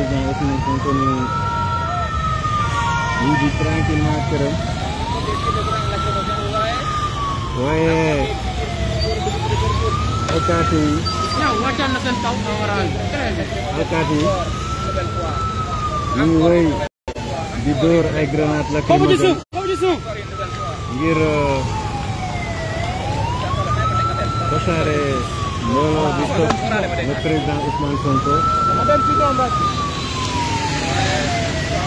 président Ousmane Sonko ni di dóor ay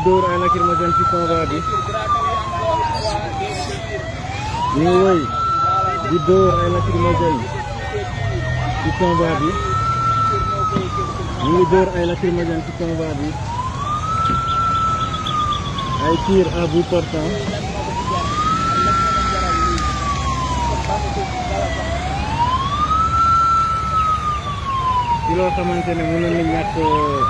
tidur anak irmajan kita tadi ini tidur anak irmajan kita tadi ini tidur anak irmajan kita tadi Aikir Abu Parta yang saya menggunakan minyak eh,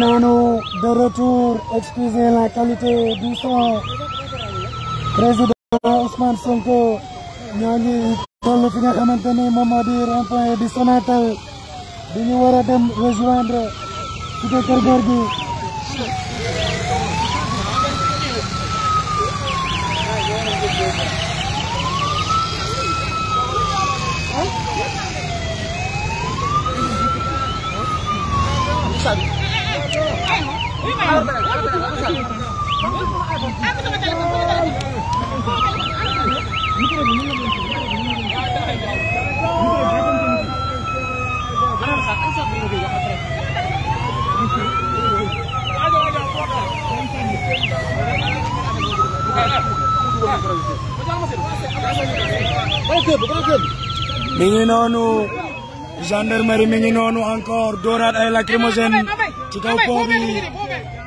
noonu de retour excusez la qualité du son président Ousmane Sonko ñoo ngi toll fi nga xamante ni moom moo di rond-point di Sonatel di ñu war dem rejoindre ci kër gi mi ngi noonu gendarmerie mi ngi noonu encore dooraat ay lacrymogène ci kaw pont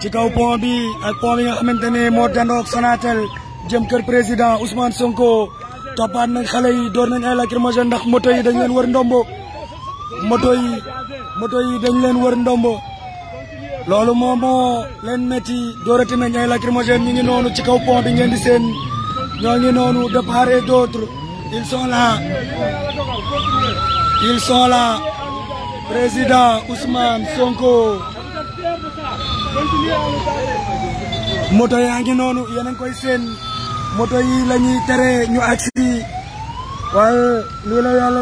ci kaw pont bi ak pont bi nga xamante ne moo dandoog Sonatel jëm kër président Ousmane Sonko toppaat nañ xale yi door nañ ay ndax moto yi dañ leen wër ndombo moto yi moto yi dañ leen wër ndombo loolu moom moo leen métti doorati nañ ay lacrymogène ñu ngi noonu ci kaw pont bi seen ñoo ngi noonu de part et d'autre ils sont là ils sont là moto yaa ngi noonu yéen a koy séen moto yi la ñuy tere ñu agsi waaye lii la yàlla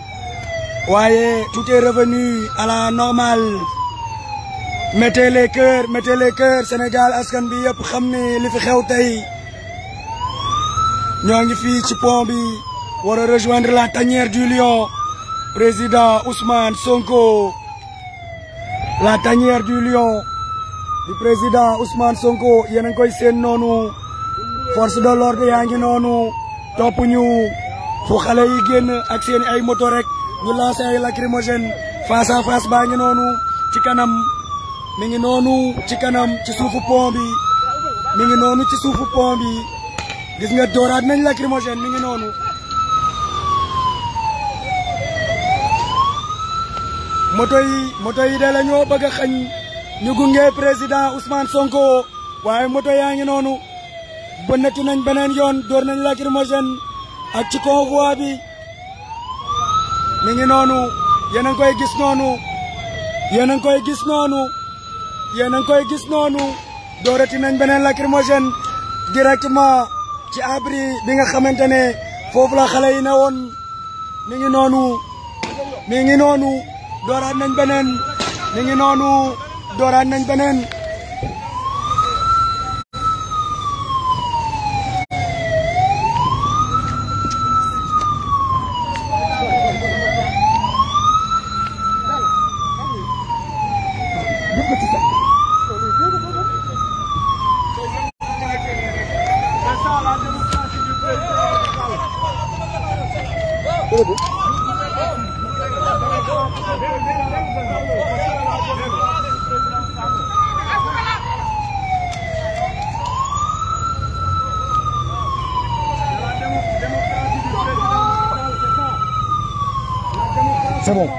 Voyez, tout est revenu à la normale mettez les cœurs mettez les cœurs Sénégal askan bi Nous rejoindre la tanière du lion président Ousmane Sonko la tanière du lion du président Ousmane Sonko y a force de l'ordre nous ñu Faut ñu lancé ay lacrymogène face à face baa ngi noonu ci kanam mi ngi noonu ci kanam ci suufu pont bi mi ngi noonu ci suufu pont bi gis nga dooraat nañ lacrymogène mi ngi noonu moto yi moto yi de la ñoo bëgg a xañ ñu gunge président Ousmane Sonko waaye moto yaa ngi noonu bënnati nañ beneen yoon door nañ lacrymogène a ci convoi bi mi ngi noonu yéen a ngi koy gis noonu yéen a ngi koy gis noonu yéen a ngi koy gis noonu doorati nañ beneen lacrymogène directement ci abri bi nga xamante ne foofu la xale yi ne woon mi ngi noonu mi ngi noonu dooraat nañ beneen mi ngi noonu dooraat nañ beneen c'est bon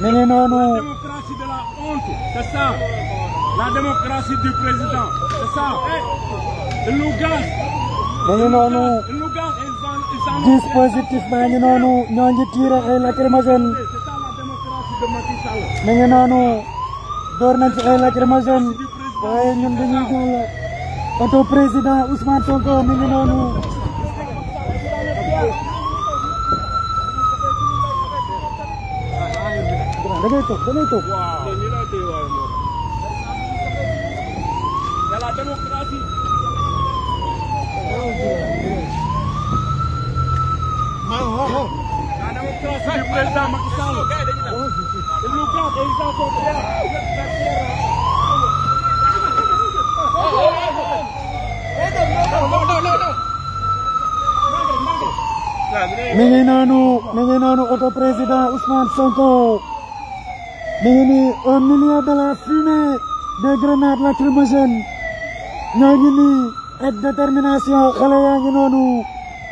mi ngi noonu. C'est ça la démocratie du président c'est ça baa ngi noonu ñoo ngi tiire ay lacrymogène mi door nañ ci ay lacrymogène waaye ñun dañuy jàll oto président Ousmane Sonko mi dangay toog dangay toog. waaw loolu ñu lay téye waaye moom. yàlla démocratie. maa ngi wax wax. la démocratie du président Macky Sall. il nous garde et ils en sont fiers. mi ngi noonu mi ngi noonu oto président Ousmane Sonko mi ngi nii au milieu de la fumée des grenades lacrymogènes ñoo ngi nii ak détermination yaa ngi noonu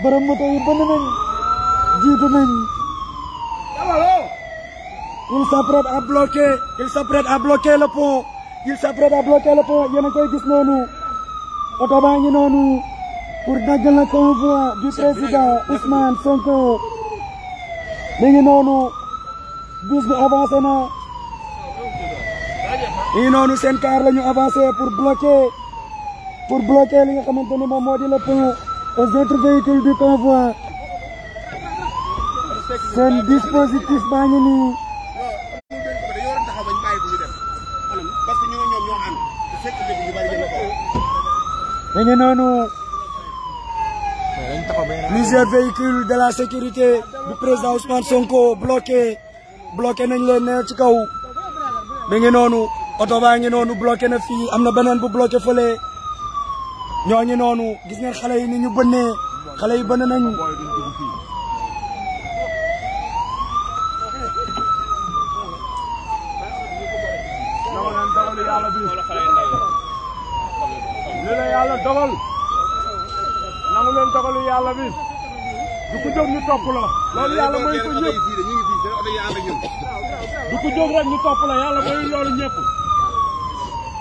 borom yi bënn nañ jiitu nañ il s'apprête à bloquer il s'apprête à bloquer le pont il s'apprête à bloquer le a koy gis noonu oto baa ngi noonu pour dagg le convoi du président Ousmane Sonko ngi noonu bus bi avancé na nii noonu seen car la ñu avancé pour bloquer pour bloquer li nga xamante ni moom moo di le pont aux autres véhicules du convoi dispositif baa ngi nii. ñu ngi de la sécurité du président Ousmane Sonko bloqué bloqué nañ leen ci kaw mi ngi oto baa ngi noonu bloqué na fii am na beneen bu bloqué fële ñooñu noonu gis ngeen yi ni ñu bënnee xale yi bënn nañu la yàlla dogal nangu leen dogalu yàlla ñu topp la loolu yàlla mooy ko ñëpp du ko jóg ñu topp la yàlla loolu ñëpp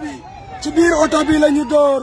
bi ci biir oto bi la ñu dóor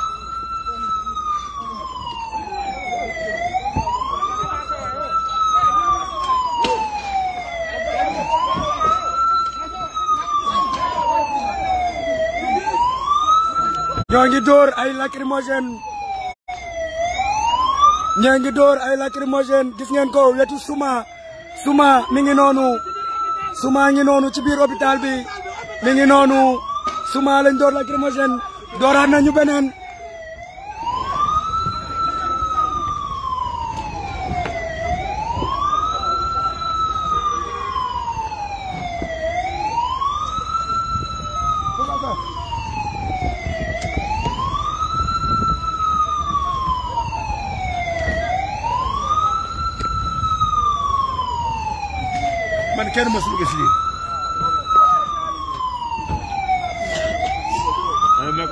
ñoo ngi dóor ay lacrymogène ñoo ngi dóor ay lacrymogène gis ngeen ko wetu suma suma mi ngi noonu suma ngi noonu ci biir hôpital bi mi ngi noonu suma lañ dóor lacrymogène dooraat nañu beneen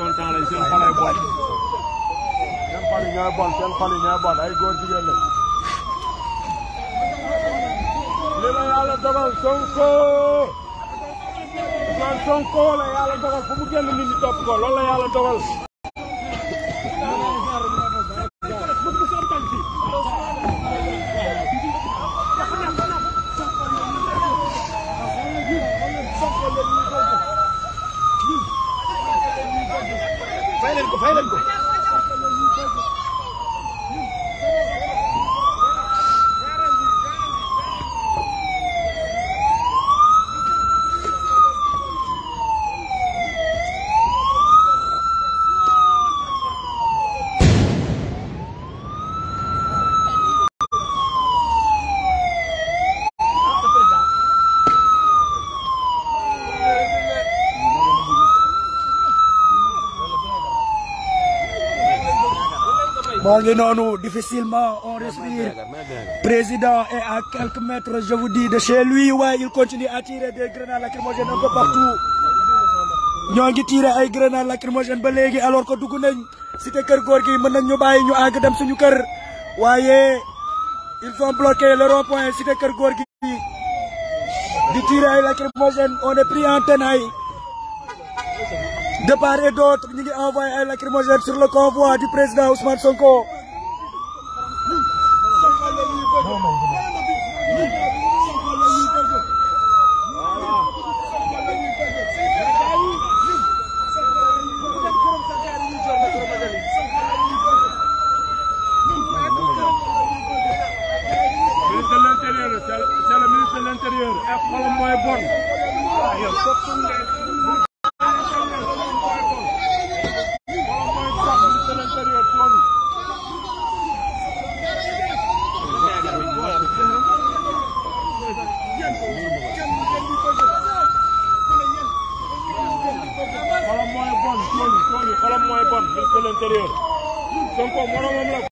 kontaan lañ seen xale bon seen xol la li la yàlla dogal la yàlla dogal fu mu la yàlla moo non nous difficilement on respire président est à quelques mètres je vous dis de chez lui Ouais, il continue à tirer des grenades lacrymogènes un peu partout Nous ngi tirer ay grenades lacrymogènes ba alors que tout nañ cité kër des cœurs mën nañ ñu bàyyi ñu àgg dem suñu kër ils vont bloquer le point cité kër góor gi tirer lacrymogènes on est pris en tenaille de part et d'autre ñu ngi envoyé ay lacrymogène sur le convoi du président Ousmane Sonko. c'est le ministre de l'intérieur ak xolam mooy bon